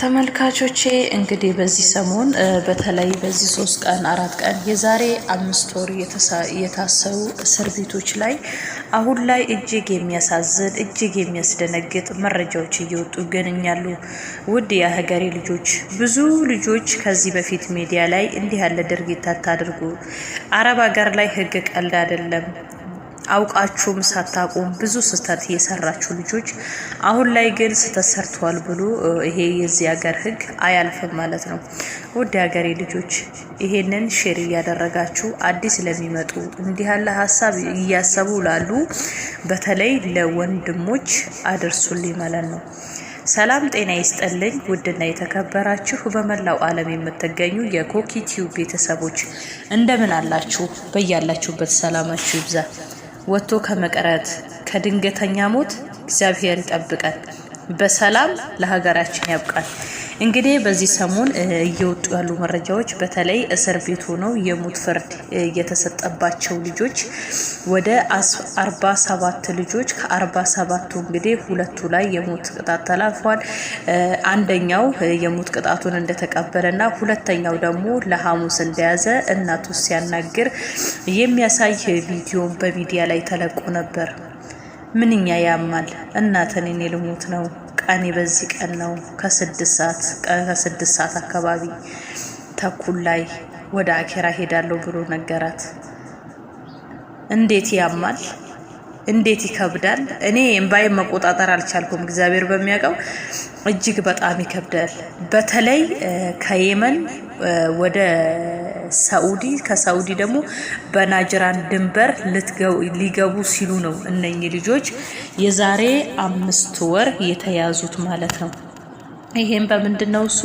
ተመልካቾቼ እንግዲህ በዚህ ሰሞን በተለይ በዚህ ሶስት ቀን አራት ቀን የዛሬ አምስት ወር የታሰሩ እስር ቤቶች ላይ አሁን ላይ እጅግ የሚያሳዝን እጅግ የሚያስደነግጥ መረጃዎች እየወጡ ይገኛሉ። ውድ የሀገሬ ልጆች፣ ብዙ ልጆች ከዚህ በፊት ሚዲያ ላይ እንዲህ ያለ ድርጊት አታድርጉ፣ አረብ ሀገር ላይ ህግ ቀልድ አይደለም አውቃችሁም ሳታቁም ብዙ ስህተት የሰራችሁ ልጆች አሁን ላይ ግን ስህተት ሰርተዋል ብሎ ይሄ የዚህ ሀገር ህግ አያልፍም ማለት ነው። ውድ ሀገሬ ልጆች ይሄንን ሼር እያደረጋችሁ አዲስ ለሚመጡ እንዲህ ያለ ሀሳብ እያሰቡ ላሉ በተለይ ለወንድሞች አድርሱልኝ ማለት ነው። ሰላም ጤና ይስጠልኝ። ውድና የተከበራችሁ በመላው ዓለም የምትገኙ የኮኪቲዩ ቤተሰቦች እንደምን አላችሁ? በያላችሁበት ሰላማችሁ ይብዛ። ወጥቶ ከመቅረት ከድንገተኛ ሞት እግዚአብሔር ይጠብቀን። በሰላም ለሀገራችን ያብቃል። እንግዲህ በዚህ ሰሞን እየወጡ ያሉ መረጃዎች በተለይ እስር ቤት ሆነው የሞት ፍርድ የተሰጠባቸው ልጆች ወደ አርባ ሰባት ልጆች ከአርባ ሰባቱ እንግዲህ ሁለቱ ላይ የሞት ቅጣት ተላልፏል። አንደኛው የሞት ቅጣቱን እንደተቀበለና ሁለተኛው ደግሞ ለሐሙስ እንደያዘ እናቱ ሲያናግር የሚያሳይ ቪዲዮ በሚዲያ ላይ ተለቆ ነበር። ምንኛ ያማል እናቴ እኔ ልሙት ነው። ቀኔ በዚህ ቀን ነው። ከስድስት ሰዓት አካባቢ ተኩል ላይ ወደ አኬራ ሄዳለሁ ብሎ ነገራት። እንዴት ያማል! እንዴት ይከብዳል። እኔ እምባዬ መቆጣጠር አልቻልኩም። እግዚአብሔር በሚያውቀው እጅግ በጣም ይከብዳል። በተለይ ከየመን ወደ ሳኡዲ ከሳኡዲ ደግሞ በናጅራን ድንበር ሊገቡ ሲሉ ነው እነኚህ ልጆች የዛሬ አምስት ወር የተያዙት ማለት ነው። ይሄም በምንድን ነው? እሱ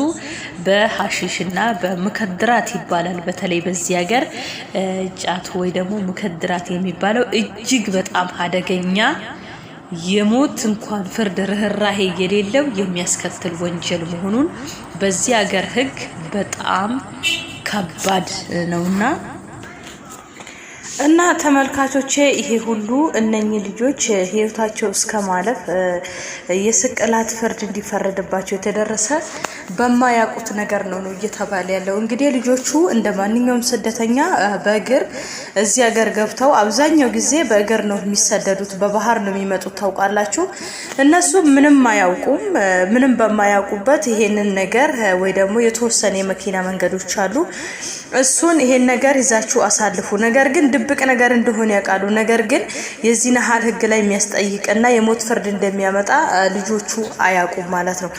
በሀሺሽ እና በሙከድራት ይባላል። በተለይ በዚህ ሀገር ጫት ወይ ደግሞ ሙከድራት የሚባለው እጅግ በጣም አደገኛ የሞት እንኳን ፍርድ ርህራሄ የሌለው የሚያስከትል ወንጀል መሆኑን በዚህ ሀገር ሕግ በጣም ከባድ ነውና እና ተመልካቾቼ ይሄ ሁሉ እነኚህ ልጆች ህይወታቸው እስከ ማለፍ የስቅላት ፍርድ እንዲፈረድባቸው የተደረሰ በማያውቁት ነገር ነው ነው እየተባለ ያለው። እንግዲህ ልጆቹ እንደ ማንኛውም ስደተኛ በእግር እዚህ ሀገር ገብተው አብዛኛው ጊዜ በእግር ነው የሚሰደዱት፣ በባህር ነው የሚመጡት። ታውቃላችሁ፣ እነሱ ምንም አያውቁም። ምንም በማያውቁበት ይሄንን ነገር ወይ ደግሞ የተወሰነ የመኪና መንገዶች አሉ፣ እሱን ይሄን ነገር ይዛችሁ አሳልፉ። ነገር ግን ድብቅ ነገር እንደሆነ ያውቃሉ። ነገር ግን የዚህን ያህል ህግ ላይ የሚያስጠይቅና የሞት ፍርድ እንደሚያመጣ ልጆቹ አያውቁም ማለት ነው።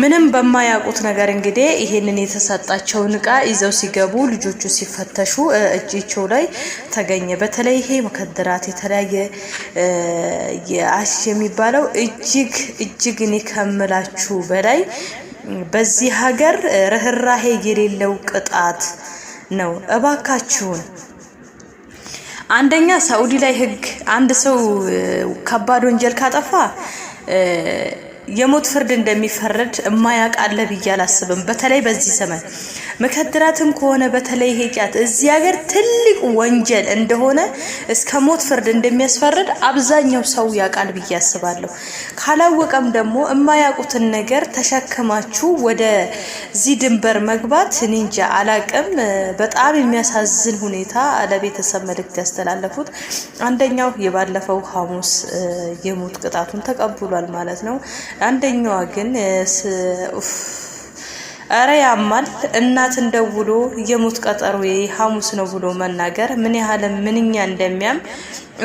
ምንም በማያውቁት ነገር እንግዲህ ይሄንን የተሰጣቸውን እቃ ይዘው ሲገቡ ልጆቹ ሲፈተሹ እጃቸው ላይ ተገኘ። በተለይ ይሄ መከደራት የተለያየ የአሽ የሚባለው እጅግ እጅግ እኔ ከምላችሁ በላይ በዚህ ሀገር ርህራሄ የሌለው ቅጣት ነው። እባካችሁን አንደኛ ሳኡዲ ላይ ህግ አንድ ሰው ከባድ ወንጀል ካጠፋ የሞት ፍርድ እንደሚፈረድ እማያውቅ አለ ብዬ አላስብም። በተለይ በዚህ ዘመን መከድራትም ከሆነ በተለይ ሄጃት እዚህ ሀገር ትልቅ ወንጀል እንደሆነ እስከ ሞት ፍርድ እንደሚያስፈርድ አብዛኛው ሰው ያውቃል ብዬ አስባለሁ። ካላወቀም ደግሞ የማያውቁትን ነገር ተሸክማችሁ ወደዚህ ድንበር መግባት ኒንጃ አላቅም። በጣም የሚያሳዝን ሁኔታ ለቤተሰብ መልእክት ያስተላለፉት አንደኛው የባለፈው ሐሙስ የሞት ቅጣቱን ተቀብሏል ማለት ነው። አንደኛዋ ግን እረ ያማል። እናትን ደውሎ የሙት ቀጠሮ ሐሙስ ነው ብሎ መናገር ምን ያህል ምንኛ እንደሚያም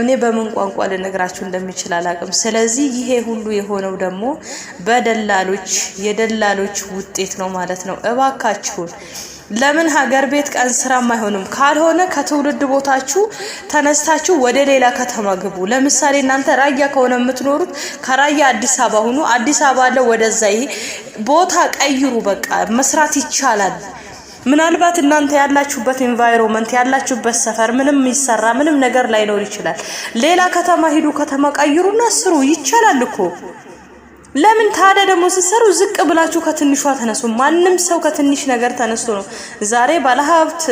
እኔ በምን ቋንቋ ልነግራችሁ እንደሚችል አላቅም። ስለዚህ ይሄ ሁሉ የሆነው ደግሞ በደላሎች የደላሎች ውጤት ነው ማለት ነው። እባካችሁን ለምን ሀገር ቤት ቀን ስራም አይሆንም? ካልሆነ ከትውልድ ቦታችሁ ተነስታችሁ ወደ ሌላ ከተማ ግቡ። ለምሳሌ እናንተ ራያ ከሆነ የምትኖሩት ከራያ አዲስ አበባ ሁኑ። አዲስ አበባ አለ፣ ወደዛ ይሄ ቦታ ቀይሩ። በቃ መስራት ይቻላል። ምናልባት እናንተ ያላችሁበት ኤንቫይሮንመንት ያላችሁበት ሰፈር ምንም ይሰራ ምንም ነገር ላይኖር ይችላል። ሌላ ከተማ ሂዱ፣ ከተማ ቀይሩና ስሩ። ይቻላል እኮ ለምን ታዲያ ደግሞ ስትሰሩ ዝቅ ብላችሁ ከትንሿ ተነሱ። ማንም ሰው ከትንሽ ነገር ተነስቶ ነው ዛሬ ባለሀብት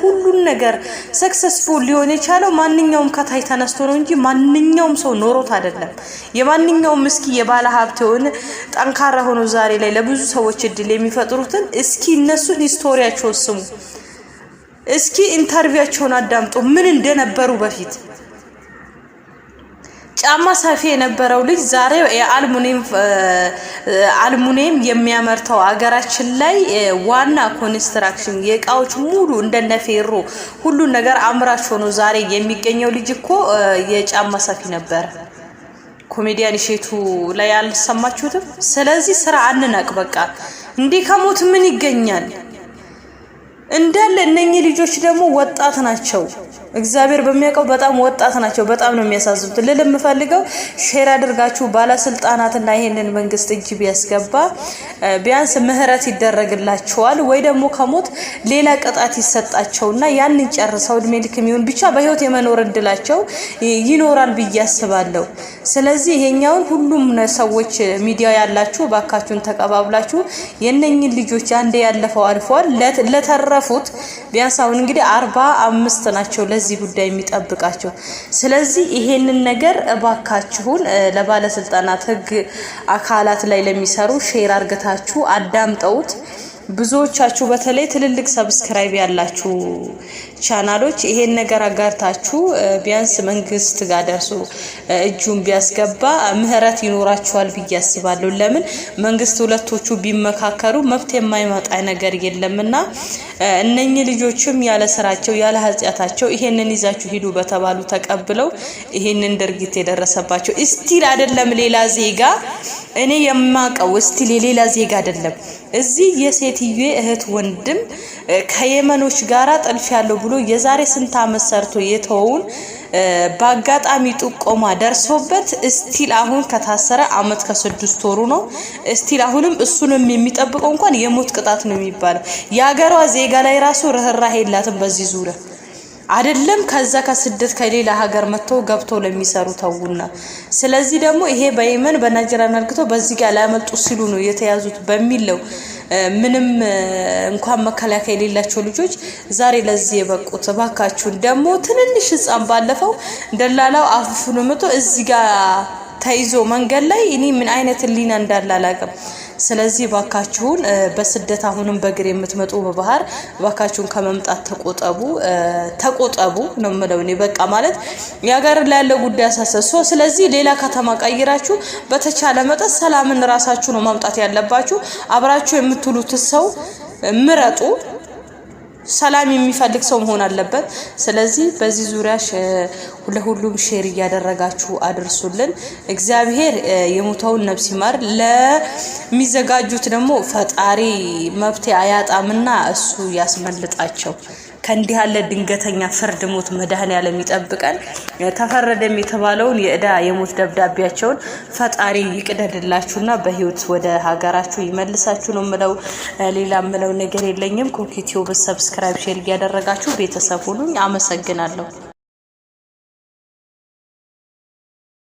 ሁሉን ነገር ሰክሰስፉል ሊሆን የቻለው ማንኛውም ከታይ ተነስቶ ነው እንጂ ማንኛውም ሰው ኖሮት አይደለም። የማንኛውም እስኪ የባለሀብት የሆነ ጠንካራ ሆኖ ዛሬ ላይ ለብዙ ሰዎች እድል የሚፈጥሩትን እስኪ እነሱን ሂስቶሪያቸውን ስሙ። እስኪ ኢንተርቪያቸውን አዳምጡ ምን እንደነበሩ በፊት ጫማ ሰፊ የነበረው ልጅ ዛሬ አልሙኒየም የሚያመርተው አገራችን ላይ ዋና ኮንስትራክሽን የእቃዎች ሙሉ እንደነፌሮ ሁሉን ነገር አምራች ሆኖ ዛሬ የሚገኘው ልጅ እኮ የጫማ ሰፊ ነበረ። ኮሜዲያን እሸቱ ላይ አልሰማችሁትም? ስለዚህ ስራ አንናቅ። በቃ እንዲህ ከሞት ምን ይገኛል? እንዳለ እነኚህ ልጆች ደግሞ ወጣት ናቸው። እግዚአብሔር በሚያውቀው በጣም ወጣት ናቸው። በጣም ነው የሚያሳዝኑት። ልል የምፈልገው ሼር አድርጋችሁ ባለስልጣናትና ይሄንን መንግስት እጅ ቢያስገባ ቢያንስ ምህረት ይደረግላቸዋል፣ ወይ ደግሞ ከሞት ሌላ ቅጣት ይሰጣቸውና ያንን ጨርሰው እድሜ ልክ የሚሆን ብቻ በህይወት የመኖር እድላቸው ይኖራል ብዬ አስባለሁ። ስለዚህ ይሄኛውን ሁሉም ሰዎች ሚዲያ ያላችሁ ባካችሁን ተቀባብላችሁ የነኝን ልጆች አንዴ ያለፈው አልፏል ለተረፈ ከለጠፉት ቢያንስ አሁን እንግዲህ አርባ አምስት ናቸው ለዚህ ጉዳይ የሚጠብቃቸው። ስለዚህ ይሄንን ነገር እባካችሁን ለባለስልጣናት፣ ህግ አካላት ላይ ለሚሰሩ ሼር አርግታችሁ አዳምጠውት ብዙዎቻችሁ በተለይ ትልልቅ ሰብስክራይብ ያላችሁ ቻናሎች ይሄን ነገር አጋርታችሁ ቢያንስ መንግስት ጋር ደርሶ እጁን ቢያስገባ ምህረት ይኖራችኋል ብዬ አስባለሁ። ለምን መንግስት ሁለቶቹ ቢመካከሩ መብት የማይመጣ ነገር የለምና እነኚህ ልጆችም ያለ ስራቸው ያለ ኃጢአታቸው ይሄንን ይዛችሁ ሂዱ በተባሉ ተቀብለው ይሄንን ድርጊት የደረሰባቸው እስቲል አይደለም ሌላ ዜጋ እኔ የማቀው እስቲል የሌላ ዜጋ አይደለም እዚህ የሴትዬ እህት ወንድም ከየመኖች ጋራ ጠልፍ ያለው ብሎ የዛሬ ስንት ዓመት ሰርቶ የተወውን በአጋጣሚ ጥቆማ ደርሶበት እስቲል አሁን ከታሰረ አመት ከስድስት ወሩ ነው። እስቲል አሁንም እሱንም የሚጠብቀው እንኳን የሞት ቅጣት ነው የሚባለው። የሀገሯ ዜጋ ላይ ራሱ ርኅራሄ የላትም በዚህ ዙሪያ አይደለም ከዛ ከስደት ከሌላ ሀገር መጥተው ገብቶ ለሚሰሩ ተውና። ስለዚህ ደግሞ ይሄ በየመን በናይጄሪያ ነርግቶ በዚህ ጋር ላያመልጡ ሲሉ ነው የተያዙት በሚለው ምንም እንኳን መከላከያ የሌላቸው ልጆች ዛሬ ለዚህ የበቁት። እባካችሁን ደግሞ ትንንሽ ህፃን ባለፈው ደላላው አፍፍኖ መጥቶ እዚህ ጋር ተይዞ መንገድ ላይ እኔ ምን አይነት ሊና እንዳለ ስለዚህ ባካችሁን በስደት አሁንም በእግር የምትመጡ በባህር ባካችሁን ከመምጣት ተቆጠቡ ተቆጠቡ ነው የምለው እኔ በቃ ማለት የሀገር ላይ ያለው ጉዳይ ያሳሰሶ ስለዚህ ሌላ ከተማ ቀይራችሁ በተቻለ መጠን ሰላምን ራሳችሁ ነው ማምጣት ያለባችሁ አብራችሁ የምትውሉት ሰው ምረጡ ሰላም የሚፈልግ ሰው መሆን አለበት። ስለዚህ በዚህ ዙሪያ ለሁሉም ሼር እያደረጋችሁ አድርሱልን። እግዚአብሔር የሞተውን ነብስ ይማር፣ ለሚዘጋጁት ደግሞ ፈጣሪ መብቴ አያጣምና እሱ ያስመልጣቸው። ከእንዲህ ያለ ድንገተኛ ፍርድ ሞት መድኃኔዓለም ይጠብቀን። ተፈረደም የተባለውን የእዳ የሞት ደብዳቤያቸውን ፈጣሪ ይቅደድላችሁና በህይወት ወደ ሀገራችሁ ይመልሳችሁ ነው ምለው። ሌላ ምለው ነገር የለኝም። ኮኬቲዮ በሰብስክራይብ ሼር እያደረጋችሁ ቤተሰብ ሁሉኝ አመሰግናለሁ።